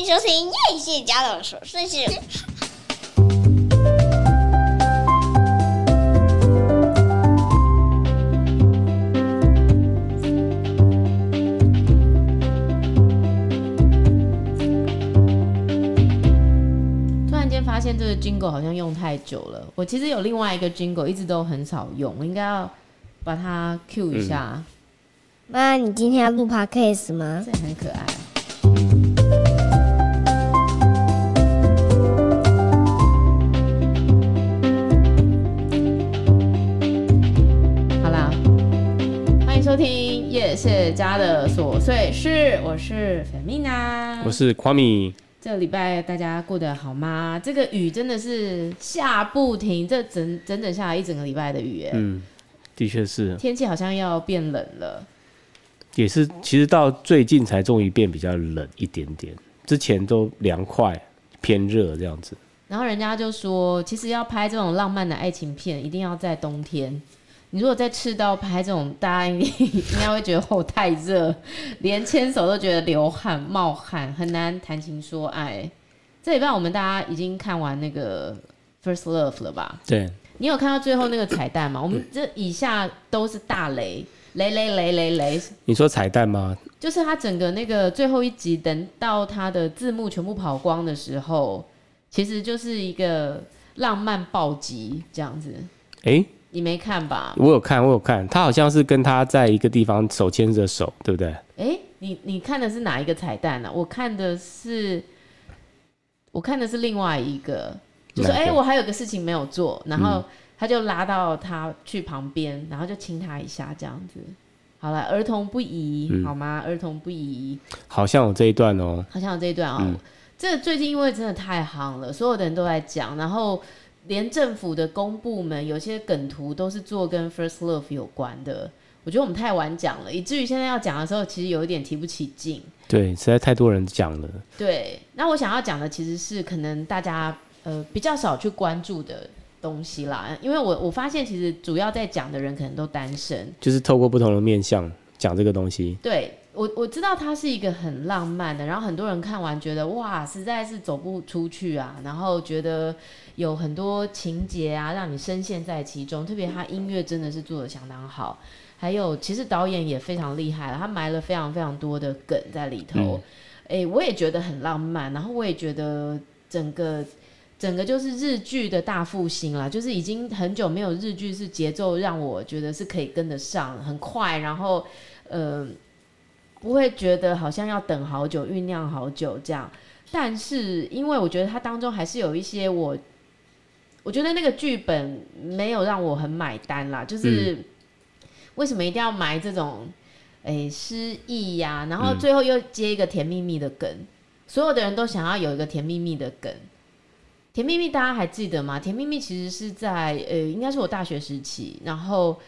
歡迎收聽葉謝家長說睡前故事。突然間發現這個 jingle 好像用太久了，我其實有另外一個 jingle，一直都很少用，我應該要把它 cue 一下。嗯、媽，你今天要錄 podcast 嗎？ 這很可愛。收聽葉謝家的瑣碎事，我是 Fermina，我是 Kuami。這禮拜大家過得好嗎？這個雨真的是下不停，這整整整下了一整個禮拜的雨耶，嗯，的確是。天氣好像要變冷了，也是，其實到最近才終於變比較冷一點點，之前都涼快偏熱這樣子。然後人家就說，其實要拍這種浪漫的愛情片，一定要在冬天。你如果在赤道拍這種，大家應該會覺得我太熱，連牽手都覺得流汗冒汗，很難談情說愛。這禮拜我們大家已經看完那個 First Love 了吧？對。你有看到最後那個彩蛋嗎？我們這以下都是大雷，雷雷雷雷雷。你說彩蛋嗎？就是他整個那個最後一集，等到他的字幕全部跑光的時候，其實就是一個浪漫暴擊這樣子、欸。哎。你沒看吧？我有看，我有看，他好像是跟他在一個地方手牽着手，對不對？哎，你你看的是哪一個彩蛋呢、啊？我看的是，我看的是另外一個，就是、說哎個，我還有個事情沒有做，然後他就拉到他去旁邊，嗯、然後就親他一下，這樣子。好了，兒童不宜，好嗎？嗯、兒童不宜。好像有這一段哦，好像有這一段哦。嗯、這最近因為真的太夯了，所有的人都在講，然後。連政府的公部門有些梗圖都是做跟 First Love 有關的，我覺得我們太晚講了，以至於現在要講的時候，其實有一點提不起勁。對，實在太多人講了。對，那我想要講的其實是可能大家，呃，比較少去關注的東西啦，因為我我發現其實主要在講的人可能都單身，就是透過不同的面向講這個東西。對。我我知道他是一個很浪漫的，然後很多人看完覺得哇，實在是走不出去啊，然後覺得有很多情節啊，讓你深陷在其中。特別他音樂真的是做得相當好，還有其實導演也非常厲害了，他埋了非常非常多的梗在裡頭。哎、嗯欸，我也覺得很浪漫，然後我也覺得整個整個就是日劇的大復興了，就是已經很久沒有日劇是節奏讓我覺得是可以跟得上很快，然後嗯。呃不會覺得好像要等好久、醞釀好久這樣，但是因為我覺得它當中還是有一些我，我覺得那個劇本沒有讓我很買單啦，就是為什麼一定要埋這種誒失憶呀？然後最後又接一個甜蜜蜜的梗，嗯、所有的人都想要有一個甜蜜蜜的梗。甜蜜蜜大家還記得嗎？甜蜜蜜其實是在呃，應該是我大學時期，然後。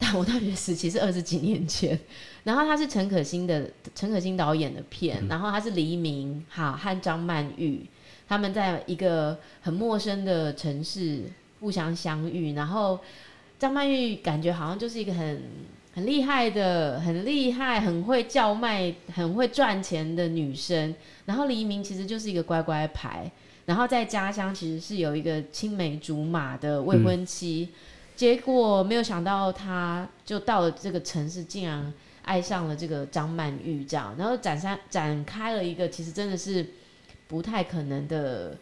但我大學時期是二十幾年前，然後他是陳可辛的陳可辛導演的片，嗯、然後他是黎明哈和張曼玉他們在一個很陌生的城市互相相遇，然後張曼玉感覺好像就是一個很很厲害的、很厲害、很會叫賣、很會賺錢的女生，然後黎明其實就是一個乖乖牌，然後在家鄉其實是有一個青梅竹馬的未婚妻。嗯結果沒有想到，他就到了這個城市，竟然愛上了這個張曼玉這樣，然後展山展開了一個其實真的是不太可能的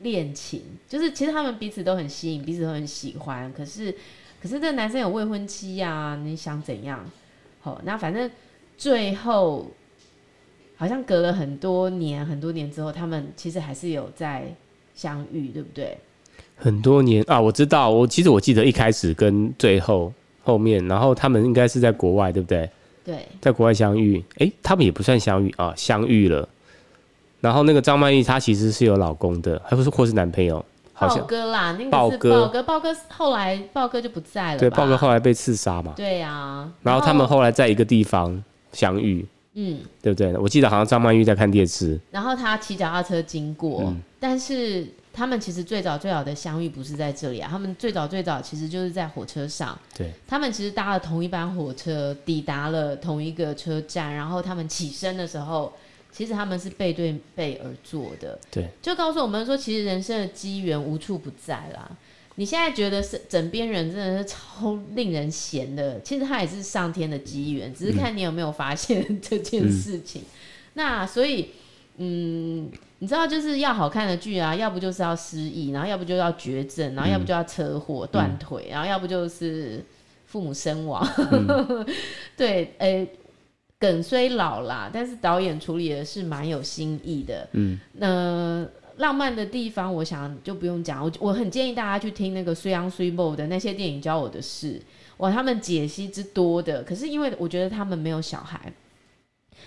戀情，就是其實他們彼此都很吸引，彼此都很喜歡，可是可是這男生有未婚妻呀、啊，你想怎樣？好，那反正最後好像隔了很多年，很多年之後，他們其實還是有在相遇，對不對？很多年啊，我知道，我其實我記得一開始跟最後後面，然後他們應該是在國外，對不對？對，在國外相遇，哎、欸，他們也不算相遇啊，相遇了。然後那個張曼玉她其實是有老公的，還不是或是男朋友，好像豹哥啦，那個是豹哥，豹哥，豹哥後來豹哥就不在了，對，豹哥後來被刺殺嘛，對呀、啊。然後,然後他們後來在一個地方相遇，嗯，對不對？我記得好像張曼玉在看電視，然後他騎腳踏車經過，嗯、但是。他們其實最早最早的相遇不是在這裡啊，他們最早最早其實就是在火車上。對，他們其實搭了同一班火車，抵達了同一個車站，然後他們起身的時候，其實他們是背對背而坐的。對，就告訴我們說，其實人生的機緣無處不在啦。你現在覺得是枕邊人真的是超令人嫌的，其實他也是上天的機緣，只是看你有沒有發現這件事情。嗯嗯、那所以，嗯。你知道就是要好看的劇啊，要不就是要失憶，然後要不就要絕症，然後要不就要車禍、嗯、斷腿，嗯、然後要不就是父母身亡。嗯、 對，哎、欸，梗雖老啦，但是導演處理的是蠻有新意的。嗯，那、呃、浪漫的地方，我想就不用講。我我很建議大家去聽那個水尢水某的那些電影教我的事，哇，他們解析之多的。可是因為我覺得他們沒有小孩，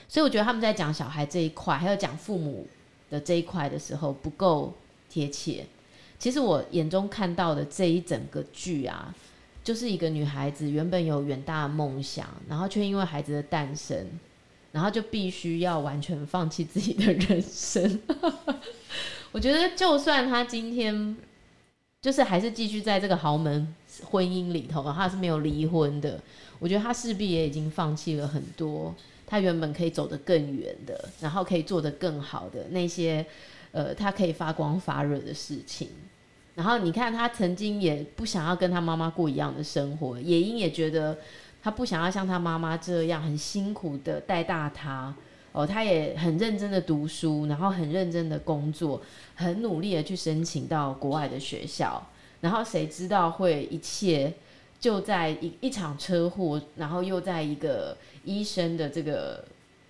所以我覺得他們在講小孩這一塊，還有講父母的這一塊的時候不夠貼切，其實我眼中看到的這一整個劇啊，就是一個女孩子原本有遠大夢想，然後卻因為孩子的誕生，然後就必須要完全放棄自己的人生。 我覺得，就算她今天就是還是繼續在這個豪門婚姻裡頭，她是沒有離婚的，我覺得她勢必也已經放棄了很多。他原本可以走得更遠的，然後可以做得更好的那些，呃，他可以發光發熱的事情。然後你看，他曾經也不想要跟他媽媽過一樣的生活，也英也覺得他不想要像他媽媽這樣很辛苦的帶大他。哦，他也很認真的讀書，然後很認真的工作，很努力的去申請到國外的學校。然後誰知道會一切？就在一一場車禍，然後又在一個醫生的這個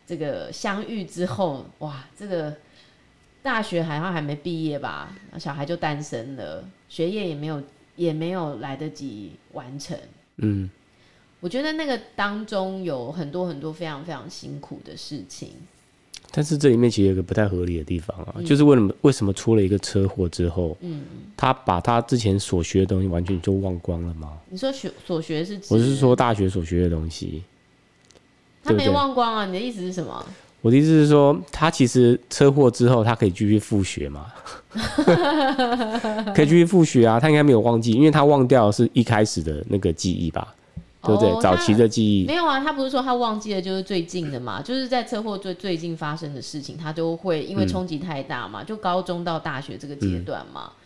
這個相遇之後，哇，這個大學好像還沒畢業吧，小孩就誕生了，學業也沒有也沒有來得及完成。嗯，我覺得那個當中有很多很多非常非常辛苦的事情。但是這裡面其實有一個不太合理的地方啊，嗯、就是為什麼為什麼出了一個車禍之後，嗯、他把他之前所學的東西完全就忘光了嗎？你說學所學是？我是說大學所學的東西，他沒忘光啊？對不對？你的意思是什麼？我的意思是說，他其實車禍之後，他可以繼續復學嘛？ 可以繼續復學啊？他應該沒有忘記，因為他忘掉是一開始的那個記憶吧？對對？哦、早期的記憶沒有啊，他不是說他忘記了，就是最近的嘛，就是在車禍最最近發生的事情，他都會因為衝擊太大嘛，嗯、就高中到大學這個階段嘛。嗯、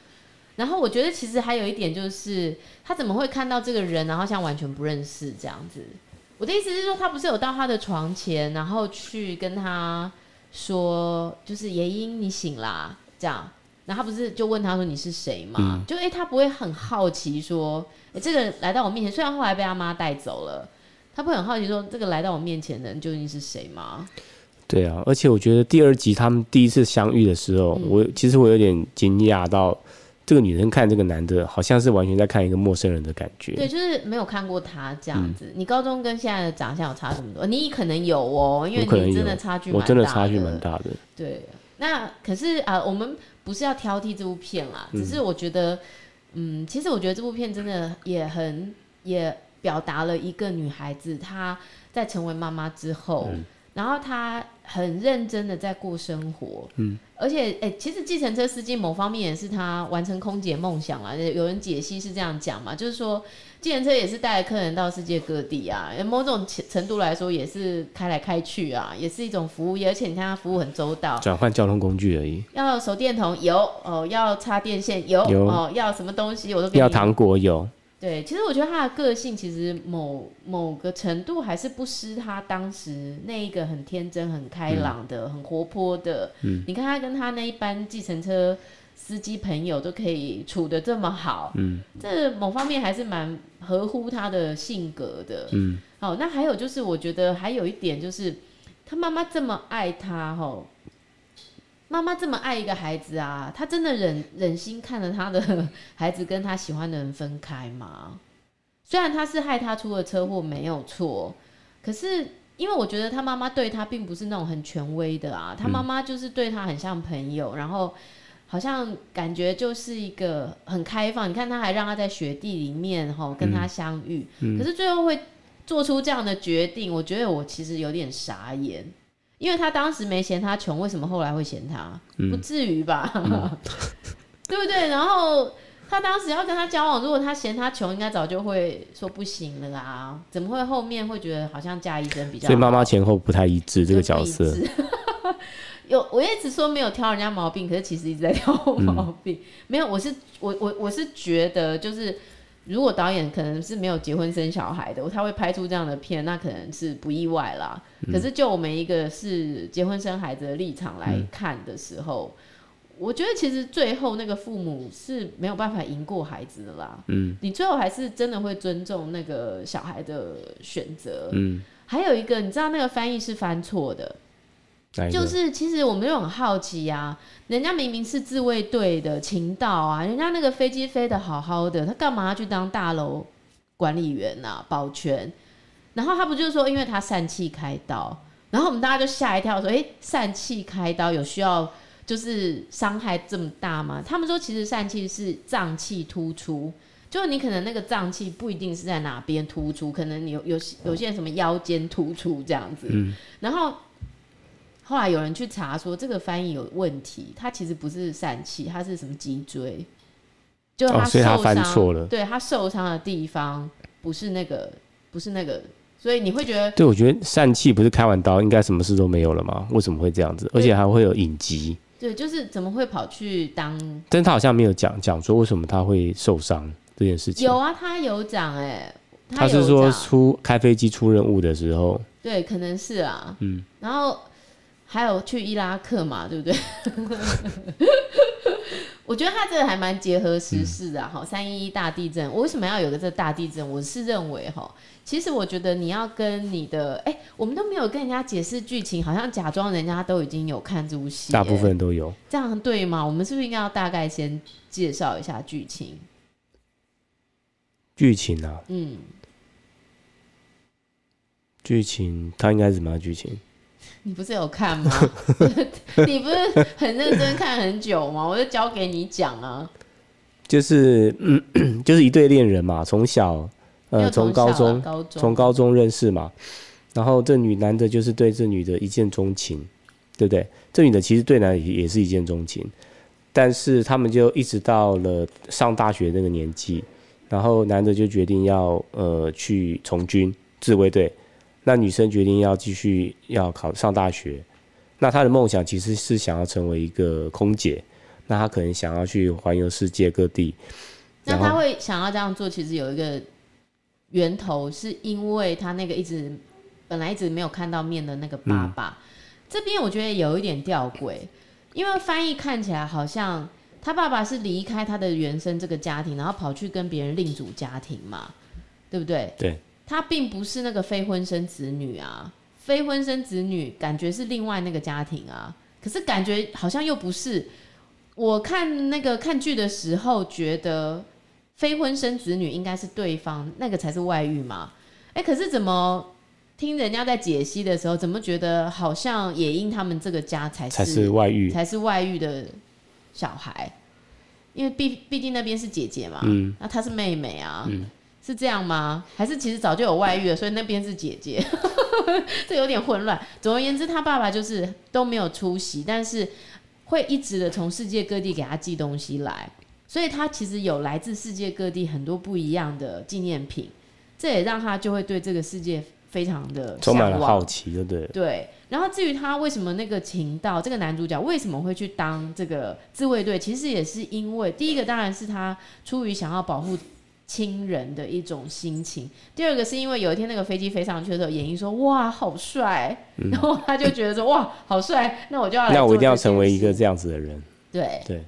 然後我覺得其實還有一點就是，他怎麼會看到這個人，然後像完全不認識這樣子？我的意思是說，他不是有到他的床前，然後去跟他說，就是“也英，你醒啦”這樣。他不是就問他說你是誰嗎？嗯、就哎、欸，他不會很好奇說，欸、這個人來到我面前，雖然後來被他媽帶走了，他不會很好奇說，這個來到我面前的人究竟是誰嗎？對啊，而且我覺得第二集他們第一次相遇的時候，嗯、我其實我有點驚訝到，這個女生看這個男的好像是完全在看一個陌生人的感覺。對，就是沒有看過他這樣子。嗯、你高中跟現在的長相有差這麼多？你可能有哦、喔，因為你真的差距的我，我真的差距蠻大的。對。那可是啊，我們不是要挑剔這部片啦，只是我覺得，嗯，其實我覺得這部片真的也很也表達了一個女孩子她在成為媽媽之後，然後她很認真的在過生活，嗯，而且誒、欸，其實計程車司機某方面也是她完成空姐夢想啦。有人解析是這樣講嘛，就是說。計程車也是帶客人到世界各地啊，某種程度來說也是開來開去啊，也是一種服務，而且你看他服務很周到，轉換交通工具而已。要手電筒有哦，要插電線有，有哦，要什麼東西我都給你。要糖果有。對，其實我覺得他的個性其實某某個程度還是不失他當時那一個很天真、很開朗的、嗯、很活潑的。嗯，你看他跟他那一班計程車司機朋友都可以處得這麼好，嗯，這某方面還是蠻合乎他的性格的，嗯，好、哦，那還有就是，我覺得還有一點就是，他媽媽這麼愛他，哦，吼，媽媽這麼愛一個孩子啊，他真的忍忍心看着他的孩子跟他喜歡的人分開嗎？雖然他是害他出了車禍，沒有錯，可是因為我覺得他媽媽對他並不是那種很權威的啊，他媽媽就是對他很像朋友，嗯、然後。好像感覺就是一個很開放，你看他還讓他在雪地裡面吼，跟他相遇，嗯嗯、可是最後會做出這樣的決定，我覺得我其實有點傻眼，因為他當時沒嫌他窮，為什麼後來會嫌他？嗯、不至於吧？嗯、 對不對？然後他當時要跟他交往，如果他嫌他窮，應該早就會說不行了啦，怎麼會後面會覺得好像嫁醫生比較好？所以媽媽前後不太一致，這個角色。 有，我一直說沒有挑人家毛病，可是其實一直在挑毛病。嗯、沒有，我是我我我是覺得，就是如果導演可能是沒有結婚生小孩的，他會拍出這樣的片，那可能是不意外啦。嗯、可是就我們一個是結婚生孩子的立場來看的時候，嗯、我覺得其實最後那個父母是沒有辦法贏過孩子的啦。嗯，你最後還是真的會尊重那個小孩的選擇。嗯，還有一個，你知道那個翻譯是翻錯的。就是其實我們有很好奇啊，人家明明是自衛隊的情報啊，人家那個飛機飛得好好的，他幹嘛要去當大樓管理員呢、啊？保全？然後他不就是說，因為他疝氣開刀？然後我們大家就嚇一跳，說，哎、欸，疝氣開刀有需要就是傷害這麼大嗎？他們說其實疝氣是臟器突出，就是你可能那個臟器不一定是在哪邊突出，可能你有有有些什麼腰間突出這樣子，嗯、然後。後來有人去查說，這個翻譯有問題。他其實不是疝氣，他是什麼脊椎？就受、哦，所以他翻錯了，對他受傷的地方不是那個，不是那個，所以你會覺得，對我覺得疝氣不是開完刀應該什麼事都沒有了嗎？為什麼會這樣子？而且還會有隱疾？對，就是怎麼會跑去當？但他好像沒有講講說為什麼他會受傷這件事情。有啊，他有講哎、欸，他，他是說出開飛機出任務的時候，對，可能是啊，嗯，然後。還有去伊拉克嘛，對不對？ 我覺得他這個還蠻結合時事的。哈。三一一大地震，我為什麼要有這個這大地震？我是認為哈，其實我覺得你要跟你的，哎，我們都沒有跟人家解釋劇情，好像假裝人家都已經有看這部戲，大部分都有，這樣對嗎？我們是不是應該要大概先介紹一下劇情？劇情啊，嗯，劇情他應該是什麼劇情？你不是有看嗎？ 你不是很認真看很久嗎？我就交給你講啊。就是、嗯、就是一對戀人嘛，從小呃從、啊、高中從高中、高中認識嘛，然後這女男的就是對這女的一見鍾情，對不對？這女的其實對男的也是一見鍾情，但是他們就一直到了上大學那個年紀，然後男的就決定要呃去從軍，自衛隊。那女生決定要繼續要考上大學，那她的夢想其實是想要成為一個空姐，那她可能想要去環遊世界各地。那她會想要這樣做，其實有一個源頭，是因為她那個一直本來一直沒有看到面的那個爸爸。嗯。這邊我覺得有一點吊詭，因為翻譯看起來好像她爸爸是離開她的原生這個家庭，然後跑去跟別人另組家庭嘛，對不對？對。他並不是那個非婚生子女啊，非婚生子女感覺是另外那個家庭啊，可是感覺好像又不是。我看那個看劇的時候，覺得非婚生子女應該是對方，那個才是外遇嘛。哎、欸，可是怎麼聽人家在解析的時候，怎麼覺得好像也因他們這個家才是才是外遇，才是外遇的小孩？因為畢畢竟那邊是姐姐嘛，嗯、那她是妹妹啊。嗯是這樣嗎？還是其實早就有外遇了，所以那邊是姐姐？ 這有點混亂。總而言之，他爸爸就是都沒有出席，但是會一直的從世界各地給他寄東西來，所以他其實有來自世界各地很多不一樣的紀念品，這也讓他就會對這個世界非常的充滿了好奇對了，對不對？對。然後至於他為什麼那個情到這個男主角為什麼會去當這個自衛隊，其實也是因為第一個當然是他出於想要保護。親人的一種心情。第二個是因為有一天那個飛機飛上去的時候，也英說：“哇，好帥！”然後他就覺得說：“哇，好帥！”那我就要來，那我一定要成為一個這樣子的人。對對。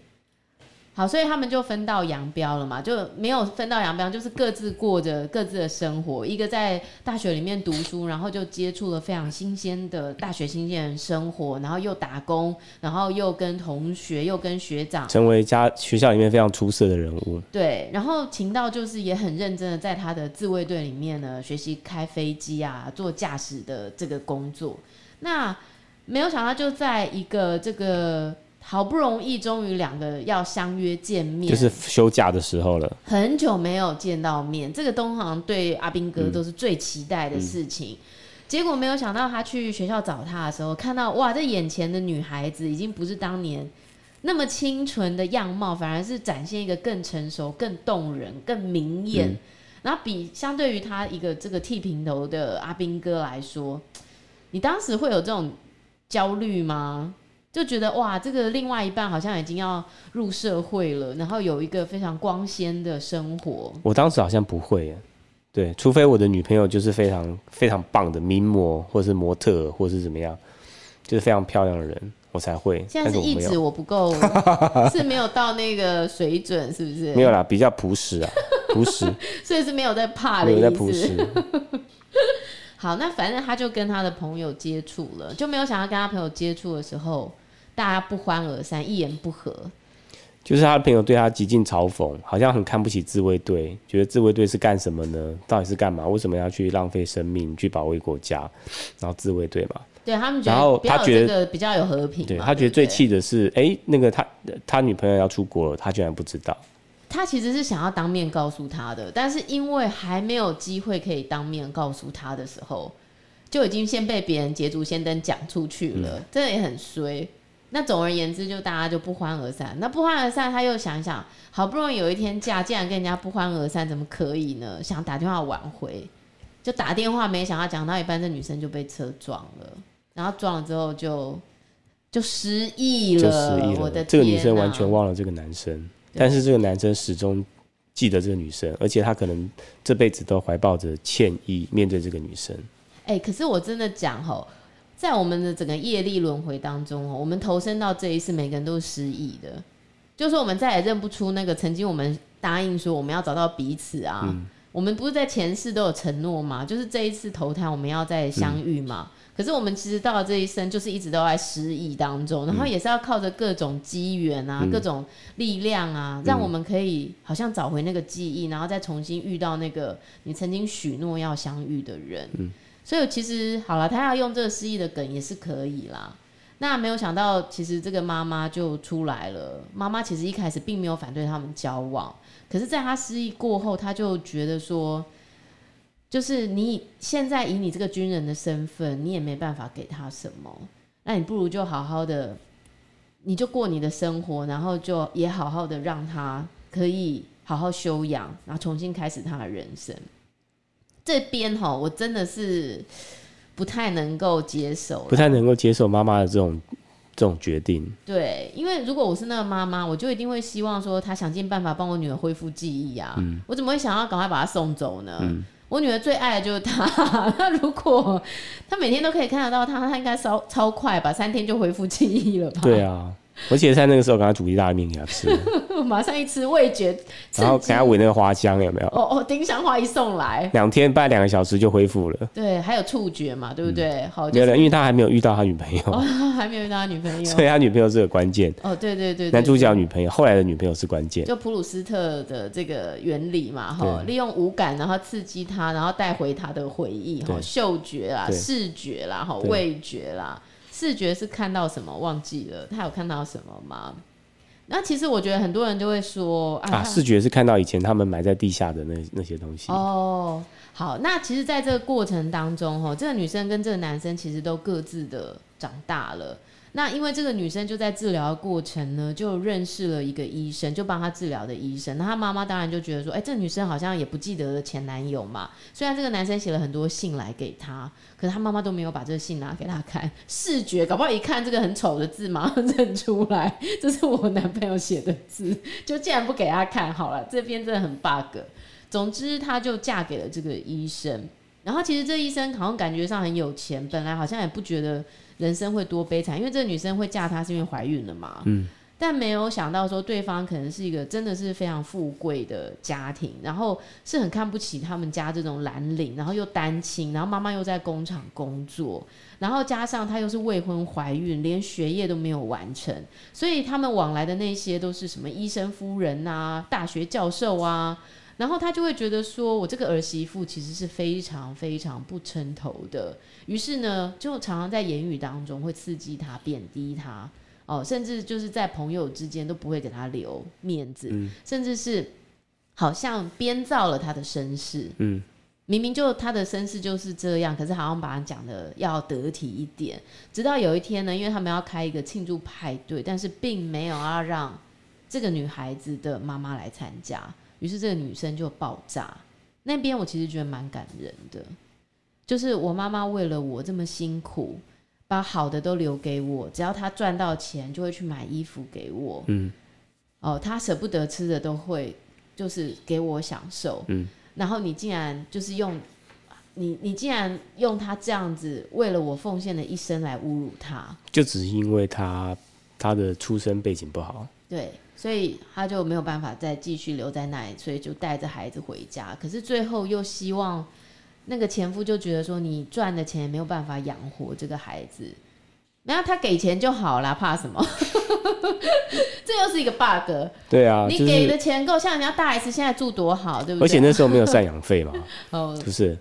好，所以他們就分道揚鑣了嘛，就沒有分道揚鑣，就是各自過着各自的生活。一個在大學裡面讀書，然後就接觸了非常新鮮的大學新鮮人生活，然後又打工，然後又跟同學，又跟學長，成為家學校裡面非常出色的人物。對，然後晴道就是也很認真的在他的自衛隊裡面呢學習開飛機啊，做駕駛的這個工作。那沒有想到就在一個這個。好不容易，終於兩個要相約見面，就是休假的時候了。很久沒有見到面，這個東航對阿兵哥都是最期待的事情。嗯嗯、結果沒有想到，他去學校找他的時候，看到哇，這眼前的女孩子已經不是當年那麼清純的樣貌，反而是展現一個更成熟、更動人、更明豔。嗯、然後，比相對於他一個這個剃平頭的阿兵哥來說，你當時會有這種焦慮嗎？就覺得哇，這個另外一半好像已經要入社會了，然後有一個非常光鮮的生活。我當時好像不會耶，對，除非我的女朋友就是非常非常棒的名模，或者是模特，或者是怎麼樣，就是非常漂亮的人，我才會。現在是我一直我，我不夠，是沒有到那個水準，是不是？ 沒有啦，比較樸實啊，樸實， 所以是沒有在怕的意思。沒有在樸實 好，那反正他就跟他的朋友接觸了，就沒有想要跟他朋友接觸的時候。大家不歡而散，一言不合，就是他的朋友對他極盡嘲諷，好像很看不起自衛隊，覺得自衛隊是幹什麼呢？到底是幹嘛？為什麼要去浪費生命去保衛國家？然後自衛隊嘛，對他們，覺得他覺得比較有和平，他對他覺得最氣的是，哎、欸，那個他他女朋友要出國了，他居然不知道。他其實是想要當面告訴他的，但是因為還沒有機會可以當面告訴他的時候，就已經先被別人捷足先登講出去了，嗯、真的也很衰。那總而言之，就大家就不歡而散。那不歡而散，他又想想，好不容易有一天假，竟然跟人家不歡而散，怎麼可以呢？想打電話挽回，就打電話，沒想到講到一半，這女生就被車撞了。然後撞了之後就，就就失憶了。我的天啊，這個女生完全忘了這個男生，對但是這個男生始終記得這個女生，而且他可能這輩子都懷抱着歉意面對這個女生。哎、欸，可是我真的講吼。在我們的整個業力輪回當中，哦，我們投身到這一次，每個人都是失憶的，就是我們再也認不出那個曾經我們答應說我們要找到彼此啊。嗯、我們不是在前世都有承諾嗎？就是這一次投胎我們要再相遇嘛。嗯、可是我們其實到了這一生，就是一直都在失憶當中，然後也是要靠着各種機緣啊、嗯、各種力量啊，讓我們可以好像找回那個記憶，然後再重新遇到那個你曾經許諾要相遇的人。嗯所以其實好了，他要用這個失憶的梗也是可以啦。那沒有想到，其實這個媽媽就出來了。媽媽其實一開始並沒有反對他們交往，可是在他失憶過後，他就覺得說，就是你現在以你這個軍人的身份，你也沒辦法給他什麼，那你不如就好好的，你就過你的生活，然後就也好好的讓他可以好好休養，然後重新開始他的人生。這邊哈，我真的是不太能夠接受，不太能夠接受媽媽的這種這種決定。對，因為如果我是那個媽媽，我就一定會希望說，她想盡辦法幫我女兒恢復記憶啊。嗯、我怎麼會想要趕快把她送走呢？嗯、我女兒最愛的就是她。那 如果她每天都可以看得到她，她應該稍超快吧？三天就恢復記憶了吧？對啊。我記得在那個時候，我給他煮意大利麵給他吃，馬上一吃味覺，然後給他聞那個花香，有沒有？哦哦，丁香花一送來，兩天半兩個小時就恢復了。對，還有觸覺嘛，對不對？好，沒有了，因為他還沒有遇到他女朋友，還沒有遇到他女朋友，所以他女朋友是個關鍵。哦，對對對，男主角女朋友，後來的女朋友是關鍵。就普魯斯特的這個原理嘛，哈，利用五感，然後刺激他，然後帶回他的回憶，哈，嗅覺啊，視覺啦，哈，味覺啦。視覺是看到什麼忘記了？他有看到什麼嗎？那其實我覺得很多人就會說啊，啊，視覺是看到以前他們埋在地下的那那些東西哦。好，那其實在這個過程當中，喔，哦，這個女生跟這個男生其實都各自的長大了。那因為這個女生，就在治療的過程呢，就認識了一個醫生，就幫她治療的醫生。那她媽媽當然就覺得說，哎、欸，這女生好像也不記得了前男友嘛。雖然這個男生寫了很多信來給她，可是她媽媽都沒有把這個信拿給她看。視覺搞不好一看這個很醜的字，馬上認出來這是我男朋友寫的字。就竟然不給她看，好了，這邊真的很 bug。總之，她就嫁給了這個醫生。然後其實這醫生好像感覺上很有錢，本來好像也不覺得。人生會多悲慘，因為這個女生會嫁他是因為懷孕了嘛，嗯，但沒有想到說對方可能是一個真的是非常富貴的家庭，然後是很看不起他們家這種藍領，然後又單親，然後媽媽又在工廠工作，然後加上她又是未婚懷孕，連學業都沒有完成，所以他們往來的那些都是什麼醫生夫人啊，大學教授啊。然後他就會覺得說，我這個兒媳婦其實是非常非常不稱頭的。於是呢，就常常在言語當中會刺激他、貶低他哦，甚至就是在朋友之間都不會給他留面子，甚至是好像編造了他的身世。明明就他的身世就是這樣，可是好像把他講得要得體一點。直到有一天呢，因為他們要開一個慶祝派對，但是並沒有要讓這個女孩子的媽媽來參加。於是這個女生就爆炸，那邊我其實覺得蠻感人的，就是我媽媽為了我這麼辛苦，把好的都留給我，只要她賺到錢就會去買衣服給我。嗯，哦、呃，她捨不得吃的都會就是給我享受。嗯，然後你竟然就是用你，你竟然用她這樣子為了我奉獻的一生來侮辱她，就只是因為她，她的出身背景不好。對，所以他就沒有辦法再繼續留在那裡，所以就帶着孩子回家。可是最後又希望那個前夫就覺得說，你賺的錢沒有辦法養活這個孩子，然後他給錢就好啦，怕什麼？ 這又是一個 bug。對啊，就是、你給的錢夠，像人家大 S 現在住多好，對不對？而且那時候沒有贍養費嘛，哦， oh, 不是，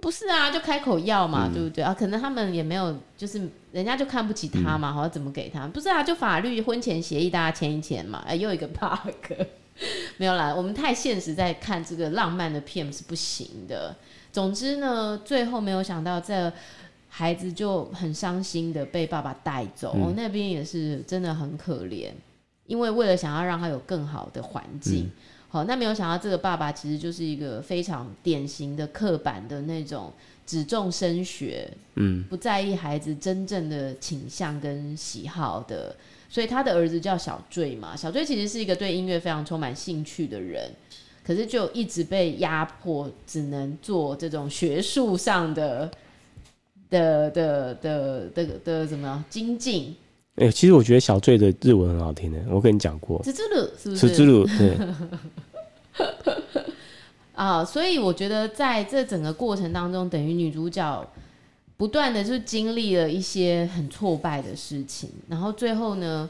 不是啊，就開口要嘛，對不對、嗯、對啊？可能他們也沒有，就是。人家就看不起他嘛，嗯、好像怎麼給他？不是啊，就法律婚前協議大家簽一簽嘛。哎，又一個 bug， 沒有啦。我們太現實，在看這個浪漫的片是不行的。總之呢，最後沒有想到，這孩子就很傷心的被爸爸帶走，嗯、那邊也是真的很可憐。因為為了想要讓他有更好的環境，嗯、好，那沒有想到這個爸爸其實就是一個非常典型的刻板的那種。只重升學，嗯，不在意孩子真正的傾向跟喜好的，所以他的兒子叫小綴嘛。小綴其實是一個對音樂非常充滿興趣的人，可是就一直被壓迫，只能做這種學術上的的的的的的，的什麼樣精進。哎、欸，其實我覺得小綴的日文很好聽的，我跟你講過，滋滋嚕是不是？滋滋嚕，對。 啊，uh, 所以我覺得在這整個過程當中，等於女主角不斷的就經歷了一些很挫敗的事情，然後最後呢，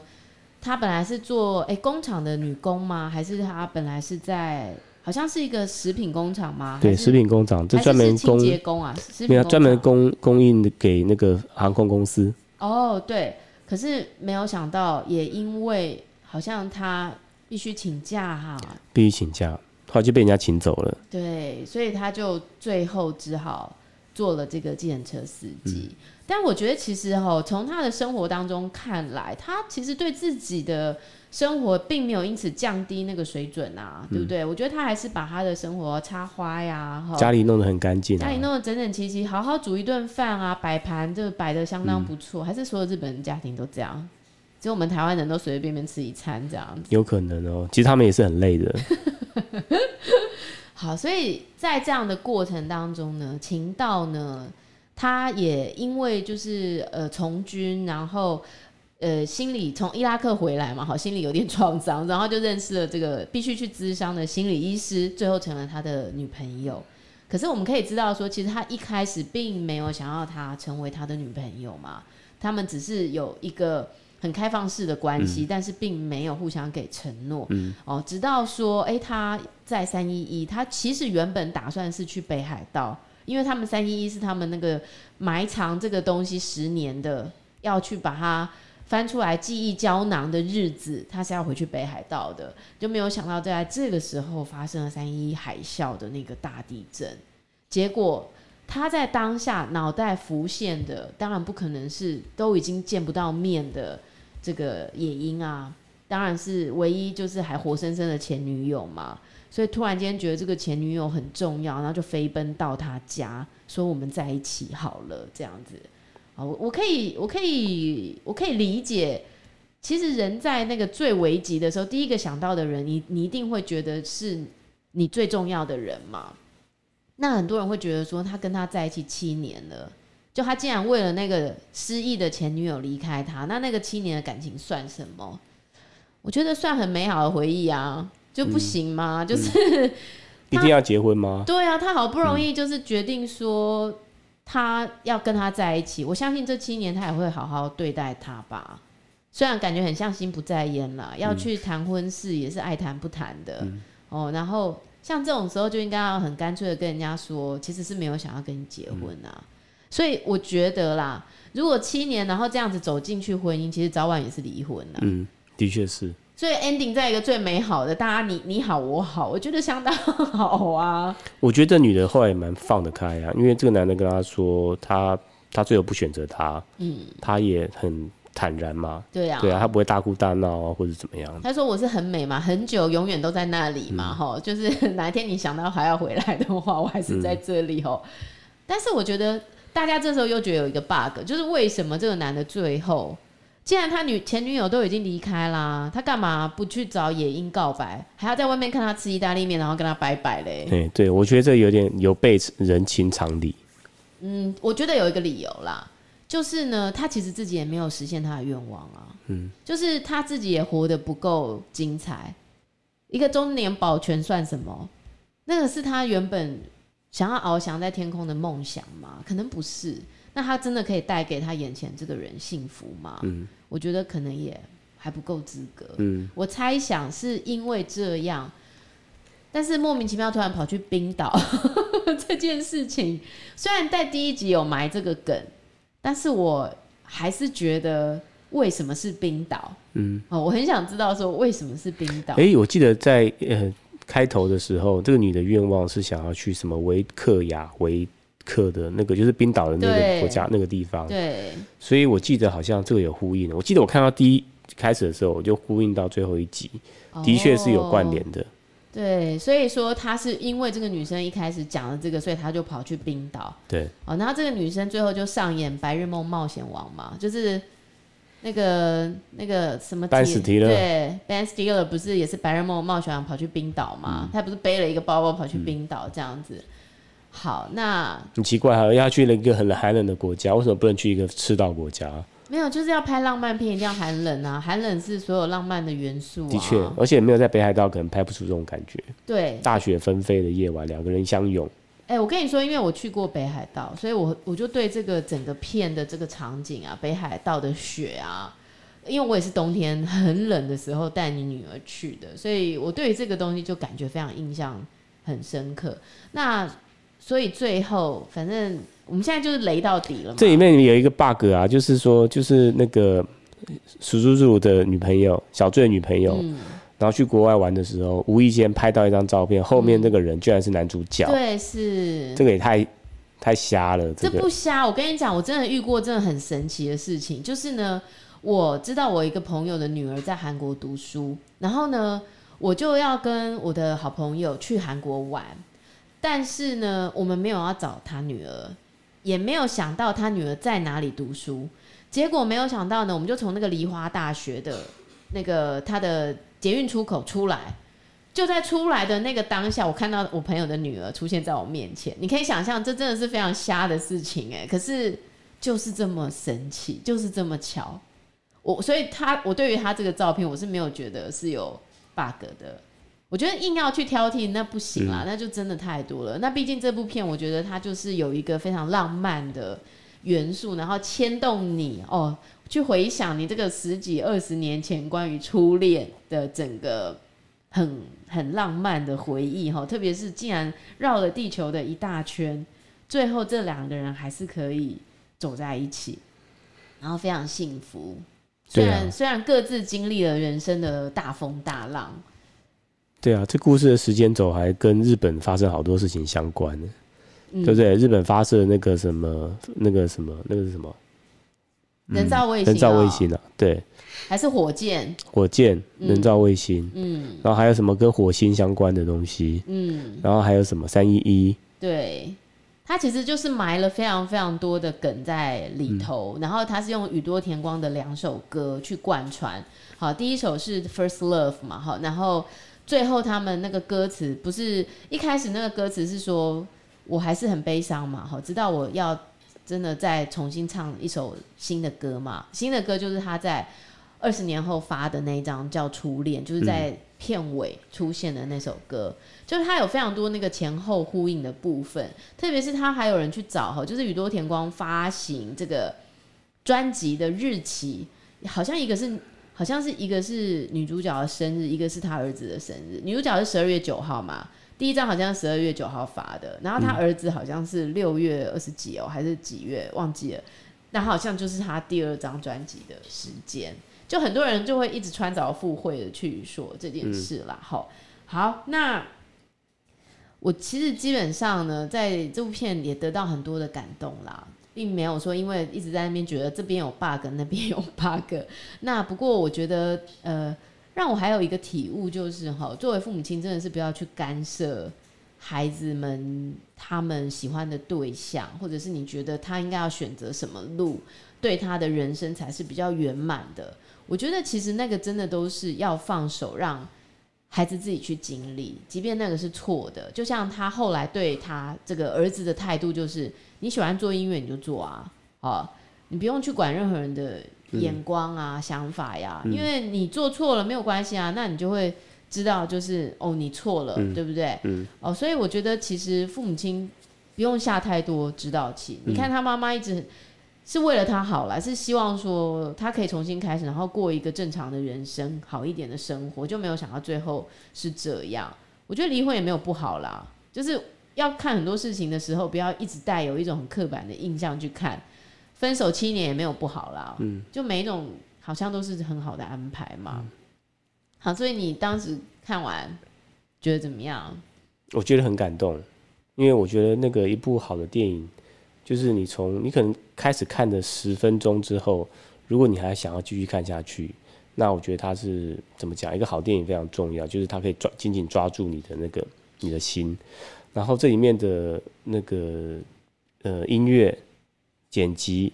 她本來是做哎、欸、工廠的女工嗎？還是她本來是在好像是一個食品工廠嗎？對，食品工廠，這專門清潔工啊，沒有專門供供應給那個航空公司。哦，oh, 對，可是沒有想到，也因為好像她必須請假哈，必須請假。他就被人家請走了。對，所以他就最後只好做了這個計程車司機。嗯、但我覺得其實哈、喔，從他的生活當中看來，他其實對自己的生活並沒有因此降低那個水準吶、啊，對不對？嗯、我覺得他還是把他的生活插花呀，喔、家裡弄得很乾淨、啊，家裡弄得整整齊齊，好好煮一頓飯啊，擺盤就擺得相當不錯。嗯、還是所有日本人家庭都這樣。所以我們台灣人都隨隨便便吃一餐這樣子，有可能哦、喔。其實他們也是很累的。 好，所以在這樣的過程當中呢，秦道呢，他也因為就是呃從軍，然後呃心裡從伊拉克回來嘛，好，心裡有點創傷，然後就認識了這個必須去諮商的心理醫師，最後成了他的女朋友。可是我們可以知道說，其實他一開始並沒有想要他成為他的女朋友嘛，他們只是有一個。很開放式的關係，嗯、但是並沒有互相給承諾。嗯、哦，直到說，誒，他在三一一，他其實原本打算是去北海道，因為他們三一一是他們那個埋藏這個東西十年的，要去把它翻出來記憶膠囊的日子，他是要回去北海道的，就沒有想到在這個時候發生了三一一海嘯的那個大地震，結果他在當下腦袋浮現的，當然不可能是都已經見不到面的。這個也英啊，當然是唯一就是還活生生的前女友嘛，所以突然間覺得這個前女友很重要，然後就飛奔到他家說，我們在一起好了這樣子。啊，我我可以我可以我可以理解，其實人在那個最危急的時候，第一個想到的人，你你一定會覺得是你最重要的人嘛。那很多人會覺得說他跟他在一起七年了。就他竟然為了那個失憶的前女友離開他，那那個七年的感情算什麼？我覺得算很美好的回憶啊，就不行嗎？嗯、就是、嗯、 他一定要結婚嗎？對啊，他好不容易就是決定說他要跟他在一起，嗯、我相信這七年他也會好好對待他吧。雖然感覺很像心不在焉了，要去談婚事也是愛談不談的、嗯、哦。然後像這種時候就應該要很乾脆的跟人家說，其實是沒有想要跟你結婚啊。嗯所以我覺得啦，如果七年，然後這樣子走進去婚姻，其實早晚也是離婚的。嗯，的確是。所以 ending 在一個最美好的，大家你你好我好，我覺得相當好啊。我覺得這女的後來也蠻放得開啊，因為這個男的跟她說他，他他最後不選擇他，嗯，他也很坦然嘛。對啊，對啊，他不會大哭大鬧啊，或者怎麼樣。他說我是很美嘛，很久永遠都在那裡嘛，哈、嗯，就是哪一天你想到還要回來的話，我還是在這裡哦。嗯、但是我覺得。大家這時候又覺得有一個 bug，就是為什麼這個男的最後，既然他女前女友都已經離開啦，他幹嘛不去找也英告白，還要在外面看他吃意大利麵，然後跟他拜拜嘞、欸？對，我覺得這有點有悖人情常理。嗯，我覺得有一個理由啦，就是呢，他其實自己也沒有實現他的願望啊。嗯，就是他自己也活得不夠精彩，一個中年保全算什麼？那個是他原本想要翱翔在天空的夢想嗎？可能不是。那他真的可以帶給他眼前這個人幸福嗎？嗯，我覺得可能也還不夠資格。嗯，我猜想是因為這樣，但是莫名其妙突然跑去冰島 這件事情，雖然在第一集有埋這個梗，但是我還是覺得為什麼是冰島？嗯，哦，我很想知道說為什麼是冰島？誒、欸，我記得在、呃開頭的時候，這個女的願望是想要去什麼維克雅維克的那個，就是冰島的那個國家對那個地方。對，所以我記得好像這個有呼應。我記得我看到第一開始的時候，我就呼應到最後一集，的確是有關聯的。哦，對，所以說她是因為這個女生一開始講了這個，所以她就跑去冰島。對，哦，然後這個女生最後就上演白日夢冒險王嘛，就是。那個那個什麼 Ben Stiller 對，Ben Stiller 不是也是白日夢冒險，跑去冰島嘛？嗯、他不是背了一個包包跑去冰島這樣子。嗯、好，那很奇怪、啊，好要去了一個很寒冷的國家，為什麼不能去一個赤道國家？沒有，就是要拍浪漫片，一定要寒冷啊！寒冷是所有浪漫的元素、啊。的確，而且沒有在北海道，可能拍不出這種感覺。對，大雪紛飛的夜晚，兩個人相擁。哎、欸，我跟你說，因為我去過北海道，所以我我就對這個整個片的這個場景啊，北海道的雪啊，因為我也是冬天很冷的時候帶你女兒去的，所以我對於這個東西就感覺非常印象很深刻。那所以最後，反正我們現在就是雷到底了嘛。這裡面有一個 bug 啊，就是說，就是那個叔叔的女朋友小醉的女朋友。嗯然後去國外玩的時候，無意間拍到一張照片，後面那個人居然是男主角。嗯、對，是這個也太太瞎了。這個、這不瞎，我跟你講，我真的遇過真的很神奇的事情。就是呢，我知道我一個朋友的女兒在韓國讀書，然後呢，我就要跟我的好朋友去韓國玩，但是呢，我們沒有要找他女兒，也沒有想到他女兒在哪裡讀書。結果沒有想到呢，我們就從那個梨花大學的那個他的。捷運出口出來，就在出來的那個當下，我看到我朋友的女兒出現在我面前。你可以想象，這真的是非常瞎的事情哎！可是就是這麼神奇，就是這麼巧。我所以他，他我對於他這個照片，我是沒有覺得是有 bug 的。我覺得硬要去挑剔，那不行啊，嗯、那就真的太多了。那畢竟這部片，我覺得它就是有一個非常浪漫的元素，然後牽動你哦。去回想你這個十幾二十年前關於初戀的整個很很浪漫的回憶哈，特別是竟然繞了地球的一大圈，最後這兩個人還是可以走在一起，然後非常幸福。雖然雖然各自經歷了人生的大風大浪對啊，對啊，這故事的時間軸還跟日本發生好多事情相關的，嗯、對不對？日本發射那個什麼那個什麼那個是什麼？人造衛星、喔嗯，人造衛星啊，對，還是火箭，火箭，人造衛星，嗯，然後還有什麼跟火星相關的東西，嗯，然後還有什麼三一一，對，它其實就是埋了非常非常多的梗在裡頭，嗯、然後它是用宇多田光的兩首歌去貫穿，好，第一首是 First Love 嘛，好，然後最後他們那個歌詞不是一開始那個歌詞是說我還是很悲傷嘛，好，直到我要。真的在重新唱一首新的歌嘛？新的歌就是他在二十年後發的那一張叫《初戀》，就是在片尾出現的那首歌。嗯、就是他有非常多那個前後呼應的部分，特別是他還有人去找哈，就是宇多田光發行這個專輯的日期，好像一個是好像是一個是女主角的生日，一個是他兒子的生日。女主角是十二月九號嘛？第一張好像十二月九號發的，然後他兒子好像是六月二十幾哦、喔，嗯、還是幾月忘記了，那好像就是他第二張專輯的時間，就很多人就會一直穿鑿附會的去說這件事啦。好、嗯，好，那我其實基本上呢，在這部片也得到很多的感動啦，並沒有說因為一直在那邊覺得這邊有 bug，那邊有 bug。那不過我覺得呃。讓我還有一個體悟，就是哈，作為父母親，真的是不要去干涉孩子們他們喜歡的對象，或者是你覺得他應該要選擇什麼路，對他的人生才是比較圓滿的。我覺得其實那個真的都是要放手，讓孩子自己去經歷，即便那個是錯的。就像他後來對他這個兒子的態度，就是你喜歡做音樂你就做啊，好，你不用去管任何人的。眼光啊，想法呀、啊，嗯、因為你做錯了沒有關係啊，那你就會知道，就是哦，你錯了，嗯、對不對？嗯、哦，所以我覺得其實父母親不用下太多指導棋。嗯、你看他媽媽一直是為了他好了，是希望說他可以重新開始，然後過一個正常的人生，好一點的生活，就沒有想到最後是這樣。我覺得離婚也沒有不好啦，就是要看很多事情的時候，不要一直帶有一種很刻板的印象去看。分手七年也沒有不好啦，嗯，就每一種好像都是很好的安排嘛。嗯，好，所以你當時看完覺得怎麼樣？我覺得很感動，因為我覺得那個一部好的電影，就是你從你可能開始看的十分鐘之後，如果你還想要繼續看下去，那我覺得它是怎麼講？一個好電影非常重要，就是它可以抓緊緊抓住你的那個你的心，然後這裡面的那個呃音樂。剪輯、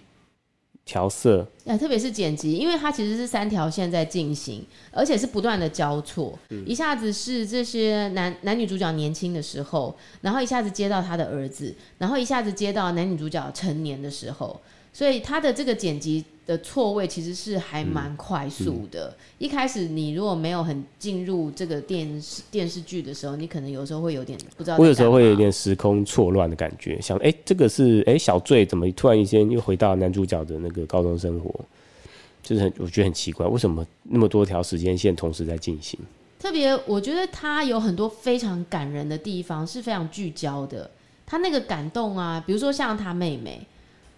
調色，啊，特別是剪輯，因為它其實是三條線在進行，而且是不斷的交錯。嗯，一下子是這些男男女主角年輕的時候，然後一下子接到他的兒子，然後一下子接到男女主角成年的時候，所以他的這個剪輯。的錯位其實是還蠻快速的。嗯嗯、一開始你如果沒有很進入這個電視電視劇的時候，你可能有時候會有點不知道。我有時候會有點時空錯亂的感覺，想哎、欸，這個是哎、欸、小醉怎麼突然間又回到男主角的那個高中生活，就是很我覺得很奇怪，為什麼那麼多條時間線同時在進行？特別我覺得他有很多非常感人的地方，是非常聚焦的。他那個感動啊，比如說像他妹妹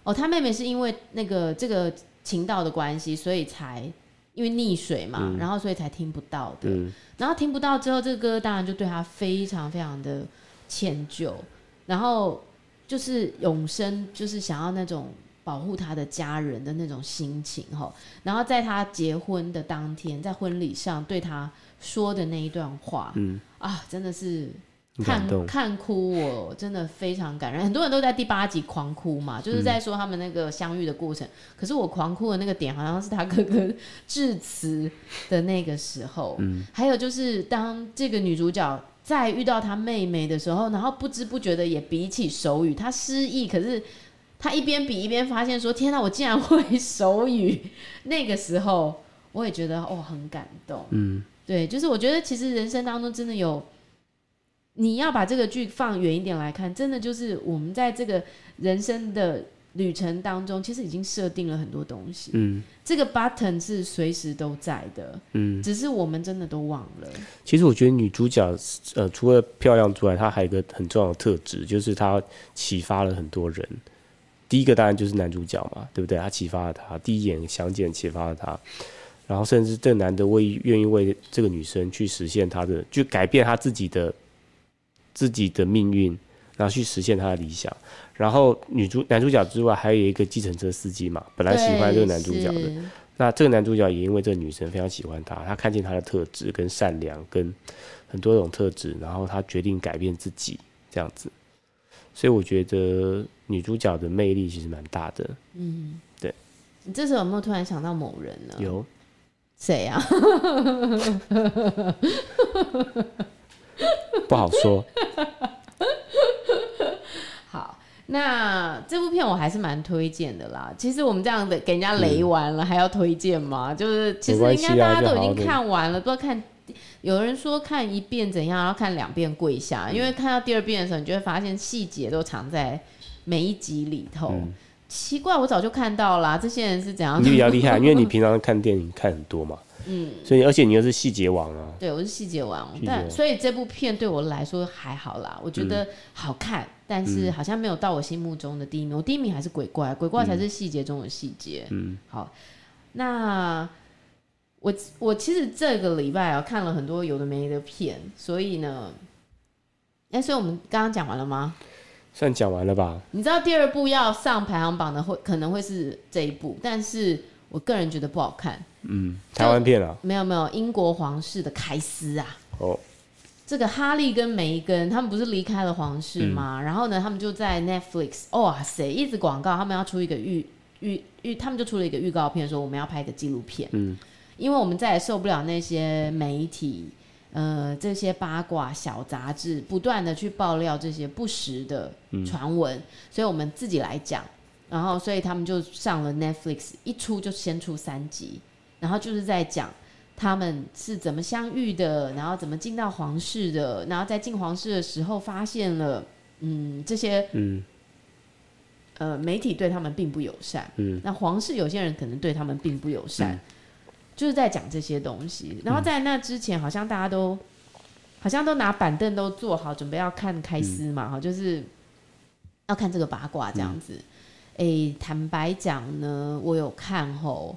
哦，他妹妹是因為那個這個。情道的關係，所以才因為溺水嘛，嗯、然後所以才聽不到的。嗯、然後聽不到之後，這個哥哥當然就對他非常非常的歉疚，然後就是永生就是想要那種保護他的家人的那種心情吼、哦，然後在他結婚的當天，在婚禮上對他說的那一段話，嗯、啊，真的是。看看哭我，我真的非常感人。很多人都在第八集狂哭嘛，就是在說他們那個相遇的過程。嗯，可是我狂哭的那個點，好像是他哥哥致辭的那個時候。嗯，還有就是當這個女主角再遇到她妹妹的時候，然後不知不覺的也比起手語。她失憶，可是她一邊比一邊發現說：“天哪，啊，我竟然會手語！”那個時候，我也覺得哦，很感動。嗯，對，就是我覺得其實人生當中真的有。你要把這個劇放遠一點來看，真的就是我們在這個人生的旅程當中，其實已經設定了很多東西。嗯，這個 button 是隨時都在的。嗯，只是我們真的都忘了。其實我覺得女主角，呃，除了漂亮之外，她還有一個很重要的特質，就是她啟發了很多人。第一個當然就是男主角嘛，對不對？他啟發了他，第一眼相見啟發了他，然後甚至這男的為願意為這個女生去實現他的，就改變他自己的。自己的命運，然後去實現他的理想。然後女主男主角之外，還有一個計程車司機嘛，本來喜歡這個男主角的。那這個男主角也因為這個女神非常喜歡他，他看見他的特質跟善良，跟很多種特質，然後他決定改變自己這樣子。所以我覺得女主角的魅力其實蠻大的。嗯，對。你這時候有沒有突然想到某人呢？有。誰誰啊？ 不好說。 好，那這部片我還是蠻推薦的啦。其實我們這樣的給人家雷完了、嗯、還要推薦嗎？就是其實應該大家都已經看完了，都要、啊、看。有人說看一遍怎樣，然後看兩遍跪下，嗯、因為看到第二遍的時候，你就會發現細節都藏在每一集裡頭。嗯、奇怪，我早就看到了。這些人是怎樣？你比較厲害， 因為你平常看電影看很多嘛。嗯，所以而且你又是細節王啊，對，我是細節王，王但所以這部片對我來說還好啦，我覺得好看，嗯、但是好像沒有到我心目中的第一名，嗯、我第一名還是鬼怪，鬼怪才是細節中的細節。嗯，好，那我我其實這個禮拜啊看了很多有的沒的片，所以呢，哎、欸，所以我們剛剛講完了嗎？算講完了吧？你知道第二部要上排行榜的會可能會是這一部，但是。我個人覺得不好看，嗯，台灣片啊，沒有沒有英國皇室的開撕啊，哦，oh. 這個哈利跟梅根他們不是離開了皇室嗎？嗯、然後呢，他們就在 Netflix，哇、oh, 塞，一直廣告，他們要出一個預預預，他們就出了一個預告片，說我們要拍一個紀錄片，嗯，因為我們再也受不了那些媒體，呃，這些八卦小雜誌不斷的去爆料這些不實的傳聞，嗯、所以我們自己來講。然後，所以他們就上了 Netflix，一出就先出三集，然後就是在講他們是怎麼相遇的，然後怎麼進到皇室的，然後在進皇室的時候發現了，嗯，這些，嗯，呃，媒體對他們並不友善，嗯，那皇室有些人可能對他們並不友善，嗯、就是在講這些東西。然後在那之前，好像大家都、嗯、好像都拿板凳都坐好，準備要看開撕嘛，哈、嗯，就是要看這個八卦這樣子。嗯哎，坦白講呢，我有看吼，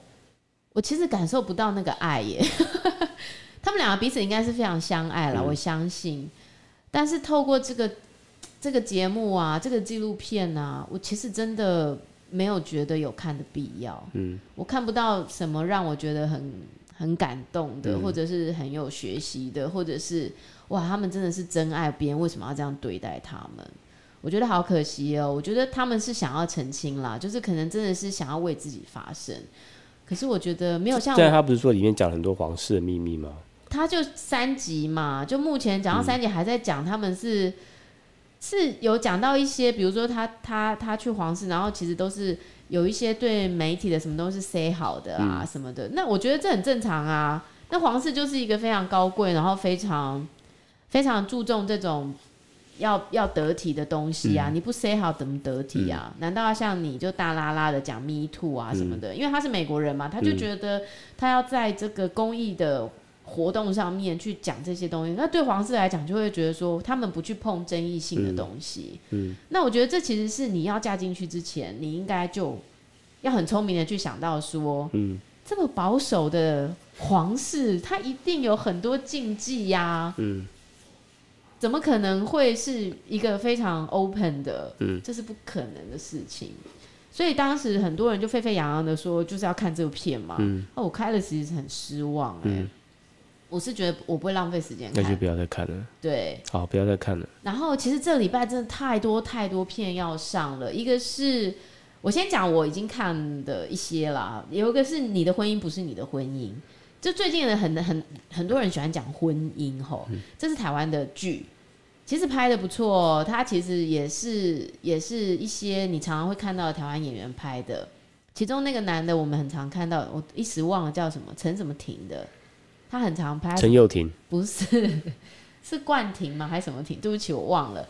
我其實感受不到那個愛耶呵呵。他們兩個彼此應該是非常相愛啦，嗯、我相信。但是透過這個這個節目啊，這個紀錄片啊，我其實真的沒有覺得有看的必要。嗯，我看不到什麼讓我覺得很很感動的，嗯、或者是很有學習的，或者是哇，他們真的是真愛別人，為什麼要這樣對待他們？我覺得好可惜哦，我覺得他們是想要澄清啦，就是可能真的是想要為自己發聲，可是我覺得沒有像，現在他不是說裡面講了很多皇室的秘密嗎？他就三集嘛，就目前講到三集還在講他們是，嗯、是有講到一些，比如說他他他去皇室，然後其實都是有一些對媒體的什麼都是 say 好的啊什麼的，嗯、那我覺得這很正常啊，那皇室就是一個非常高貴，然後非常非常注重這種。要要得體的東西啊，嗯、你不 say 好怎麼得體啊？嗯、難道要像你就大啦啦的講 me too 啊什麼的？嗯、因為他是美國人嘛，他就覺得他要在這個公益的活動上面去講這些東西。嗯、那對皇室來講，就會覺得說他們不去碰爭議性的東西。嗯，嗯那我覺得這其實是你要嫁進去之前，你應該就要很聰明的去想到說，嗯，這麼保守的皇室，他一定有很多禁忌呀、啊。嗯。怎麼可能會是一個非常 open 的？嗯，這是不可能的事情。所以當時很多人就沸沸揚揚的說，就是要看這部片嘛。嗯，哦，那我開了，其實很失望，欸。嗯，我是覺得我不會浪費時間看，那就不要再看了。對，好，不要再看了。然後其實這禮拜真的太多太多片要上了。一個是我先講我已經看的一些啦，有一個是《你的婚姻不是你的婚姻》。就最近呢，很很很，很多人喜歡講婚姻吼，這是台灣的劇，其實拍得不錯。他其實也是也是一些你常常會看到的台灣演員拍的。其中那個男的，我們很常看到，我一時忘了叫什麼陳什麼廷的，他很常拍。陳又廷，不是，是冠廷嗎？還是什麼廷？對不起，我忘了。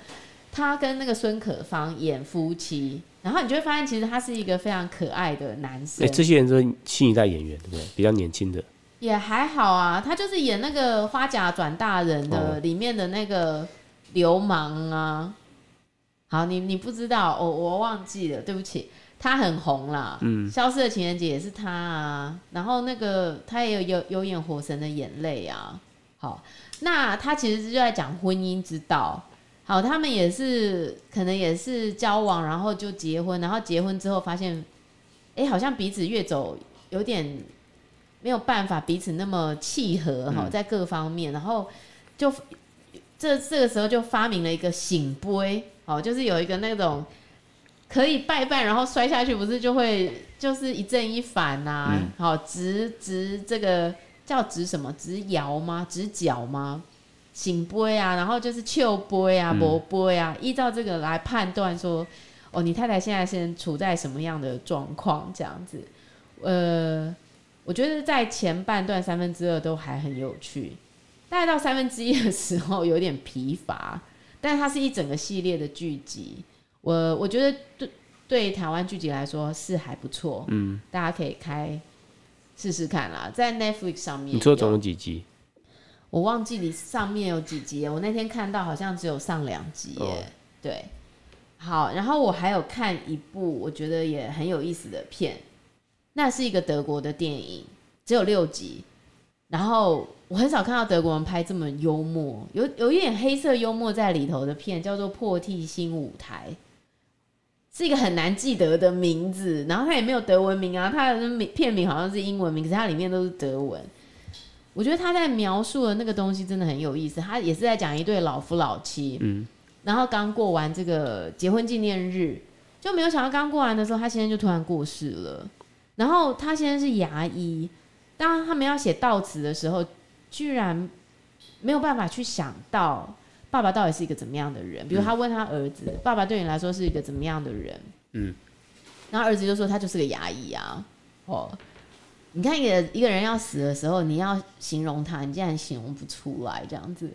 他跟那個孫可芳演夫妻，然後你就會發現，其實他是一個非常可愛的男生。哎、欸，這些人都是新一代演員，對不對？比較年輕的。也還好啊，他就是演那個《花甲轉大人》的裡面的那個流氓啊。Oh. 好，你你不知道，我、哦、我忘記了，對不起。他很紅啦，嗯，《消失的情人節》也是他啊。然後那個他也有有有演《火神的眼淚》啊。好，那他其實是就在講婚姻之道。好，他們也是可能也是交往，然後就結婚，然後結婚之後發現，誒、欸，好像彼此越走有點。沒有辦法彼此那麼契合哈，在各方面，嗯、然後就這這個時候就發明了一個聖杯，哦，就是有一個那種可以拜拜，然後摔下去不是就會就是一正一反吶、啊，嗯、好直直這個叫直什麼直搖嗎？直角嗎？聖杯啊，然後就是笑杯呀薄杯呀，依照這個來判斷說，哦，你太太現在現處在什麼樣的狀況這樣子，呃。我覺得在前半段三分之二都還很有趣，大概到三分之一的時候有點疲乏，但是它是一整個系列的劇集我，我我覺得對對台灣劇集來說是還不錯，嗯，大家可以開試試看啦，在 Netflix 上面。你說總有幾集？我忘記你上面有幾集，我那天看到好像只有上兩集，對，好，然後我還有看一部我覺得也很有意思的片。那是一個德國的電影，只有六集。然後我很少看到德國人拍這麼幽默，有有一點黑色幽默在裡頭的片，叫做《破涕新舞臺》，是一個很難記得的名字。然後他也沒有德文名啊，他的片名好像是英文名，可是它裡面都是德文。我覺得他在描述的那個東西真的很有意思。他也是在講一對老夫老妻，嗯，然後剛過完這個結婚紀念日，就沒有想到剛過完的時候，他先生就突然過世了。然後他現在是牙醫，當他們要寫悼詞的時候，居然沒有辦法去想到爸爸到底是一個怎麼樣的人。比如他問他兒子：“嗯、爸爸對你來說是一個怎麼樣的人？”嗯，然後兒子就說：“他就是個牙醫啊。”哦，你看，一個一個人要死的時候，你要形容他，你竟然形容不出來，這樣子。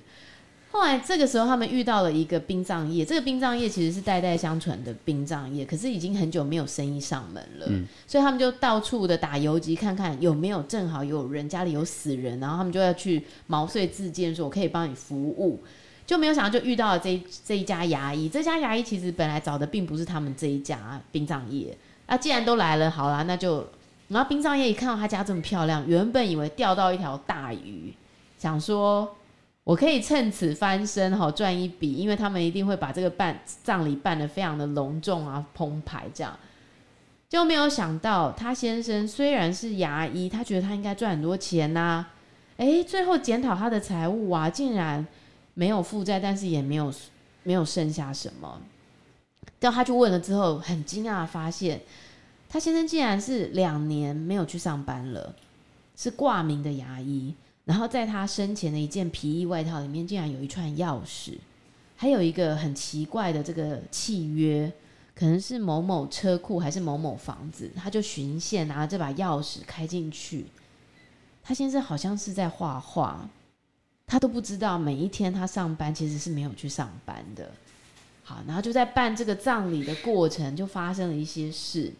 後來這個時候，他們遇到了一個殯葬業，這個殯葬業其實是代代相傳的殯葬業，可是已經很久沒有生意上門了，嗯、所以他們就到處的打游擊，看看有沒有正好有人家裡有死人，然後他們就要去毛遂自薦，說我可以幫你服務，就沒有想到就遇到了這這一家牙醫，這家牙醫其實本來找的並不是他們這一家殯葬業，啊，既然都來了，好啦，那就，然後殯葬業一看到他家這麼漂亮，原本以為釣到一條大魚，想說。我可以趁此翻身好賺一筆，因為他們一定會把這個辦葬禮辦得非常的隆重啊，澎湃這樣。就沒有想到，他先生雖然是牙醫，他覺得他應該賺很多錢吶。誒。最後檢討他的財務啊，竟然沒有負債，但是也沒有沒有剩下什麼。叫他去問了之後，很驚訝地發現，他先生竟然是兩年沒有去上班了，是掛名的牙醫。然後在他生前的一件皮衣外套裡面，竟然有一串鑰匙，還有一個很奇怪的這個契約，可能是某某車庫還是某某房子，他就循線拿這把鑰匙開進去。他現在好像是在畫畫，他都不知道每一天他上班其實是沒有去上班的。好，然後就在辦這個葬禮的過程，就發生了一些事，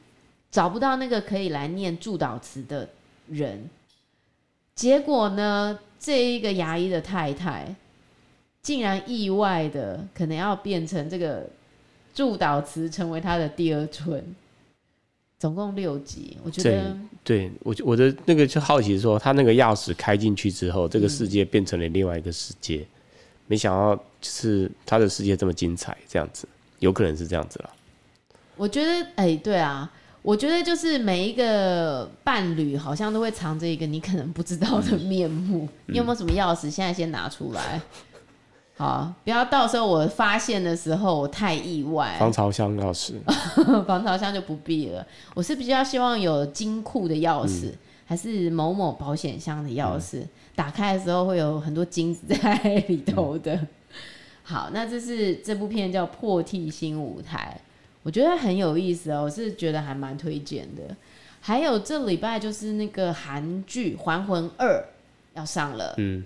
找不到那個可以來念祝禱詞的人。結果呢？這一個牙醫的太太，竟然意外的，可能要變成這個助導詞，成為他的第二春。總共六集，我覺得，對，對，我我的那個就好奇說，他那個鑰匙開進去之後，這個世界變成了另外一個世界。嗯，沒想到就是他的世界這麼精彩，這樣子，有可能是這樣子啦。我覺得，哎、欸，對啊。我覺得就是每一個伴侶好像都會藏着一個你可能不知道的面目。你有沒有什麼鑰匙？現在先拿出來，好，不要到時候我發現的時候我太意外。防潮箱鑰匙，防潮箱就不必了。我是比較希望有金庫的鑰匙，還是某某保險箱的鑰匙？打開的時候會有很多金子在裡頭的。好，那這是這部片叫《破涕新舞台》。我覺得很有意思啊、哦，我是覺得還蠻推薦的。還有這禮拜就是那個韓劇《還魂二》要上了，嗯，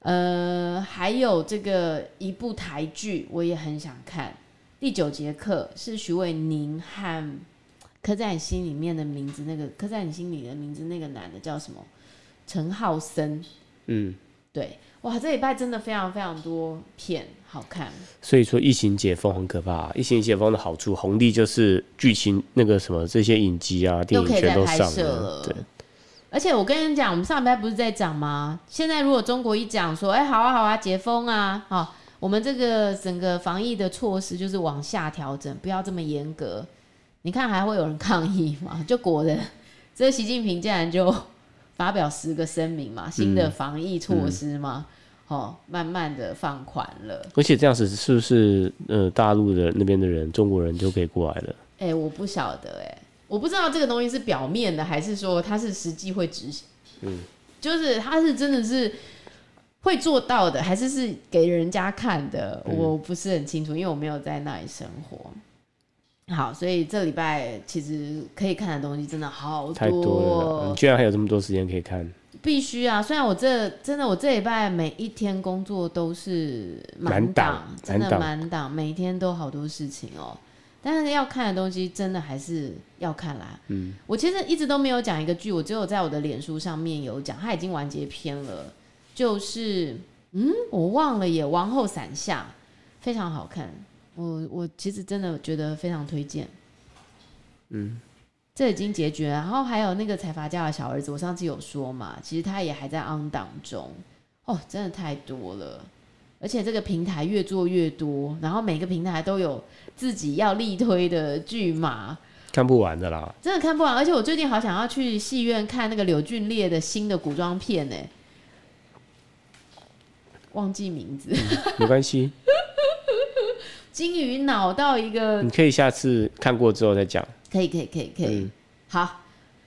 呃，還有這個一部台劇我也很想看。第九節課是許瑋甯和刻在你心裡面的名字，那個刻在你心裡的名字那個男的叫什麼？陳昊森，嗯，對，哇，這禮拜真的非常非常多片。好看，所以說疫情解封很可怕啊。疫情解封的好處紅利就是劇情那個什麼這些影集啊，電影全都上了。了對。而且我跟你講，我們上一班不是在講嗎？現在如果中國一講說，哎、欸，好啊好啊，解封啊，好，我們這個整個防疫的措施就是往下調整，不要這麼嚴格。你看還會有人抗議嗎？就國人，這習近平竟然就發表十個聲明嘛，新的防疫措施嘛。嗯嗯哦，慢慢的放寬了，而且這樣子是不是呃，大陸的那邊的人，中國人就可以過來了？哎，我不曉得哎、欸，我不知道這個東西是表面的，還是說它是實際會執行？嗯，就是它是真的是會做到的，還是是給人家看的？我不是很清楚，因為我沒有在那裡生活。好，所以這禮拜其實可以看的東西真的好多，你居然還有這麼多時間可以看。必須啊！雖然我這真的我這禮拜每一天工作都是滿檔，滿檔。真的滿檔，滿檔。每一天都好多事情哦。但是要看的東西真的還是要看啦。嗯，我其實一直都沒有講一個劇，我只有在我的臉書上面有講，它已經完結篇了。就是嗯，我忘了也，王后傘下非常好看。我我其實真的覺得非常推薦。嗯。這已經結局了，然後還有那個財閥家的小兒子，我上次有說嘛，其實他也還在 on 檔中哦，真的太多了，而且這個平台越做越多，然後每個平台都有自己要力推的劇碼，看不完的啦，真的看不完。而且我最近好想要去戲院看那個柳俊烈的新的古裝片呢。忘記名字，嗯、沒關係， 金魚腦到一個，你可以下次看過之後再講。可以可以可以可以，嗯、好，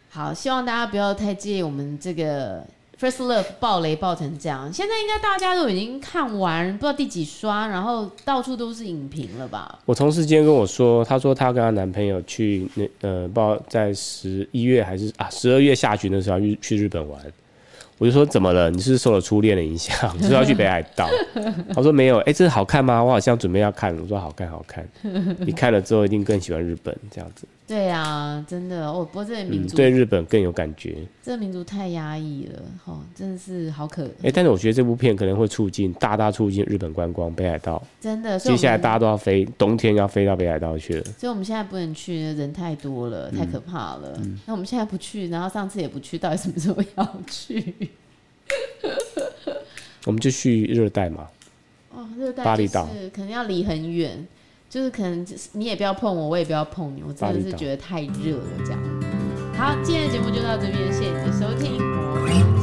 好，希望大家不要太介意我們這個 First Love 爆雷爆成這樣。現在應該大家都已經看完，不知道第幾刷，然後到處都是影評了吧？我同事今天跟我說，他說他跟他男朋友去那呃，不知道在十一月還是啊十二月下旬的時候去去日本玩。我就說怎麼了？你是受了初戀的影響？ 你是要去北海道？他 說沒有。哎、欸，這好看嗎？我好像準備要看。我說好看好看，你看了之後一定更喜歡日本這樣子。對啊，真的哦。不過這民族、嗯、對日本更有感覺。這個民族太壓抑了、哦，真的是好可。哎、欸，但是我覺得這部片可能會促進，大大促進日本觀光北海道。真的，所以接下來大家都要飛，冬天要飛到北海道去了。所以我們現在不能去，人太多了，太可怕了。嗯嗯、那我們現在不去，然後上次也不去，到底什麼時候要去？ 我們就去熱帶嘛。哦，熱帶巴厘島，可能要離很遠。就是可能，你也不要碰我，我也不要碰你，我真的是覺得太熱了，這樣。好，今天的節目就到這邊，謝謝你的收聽。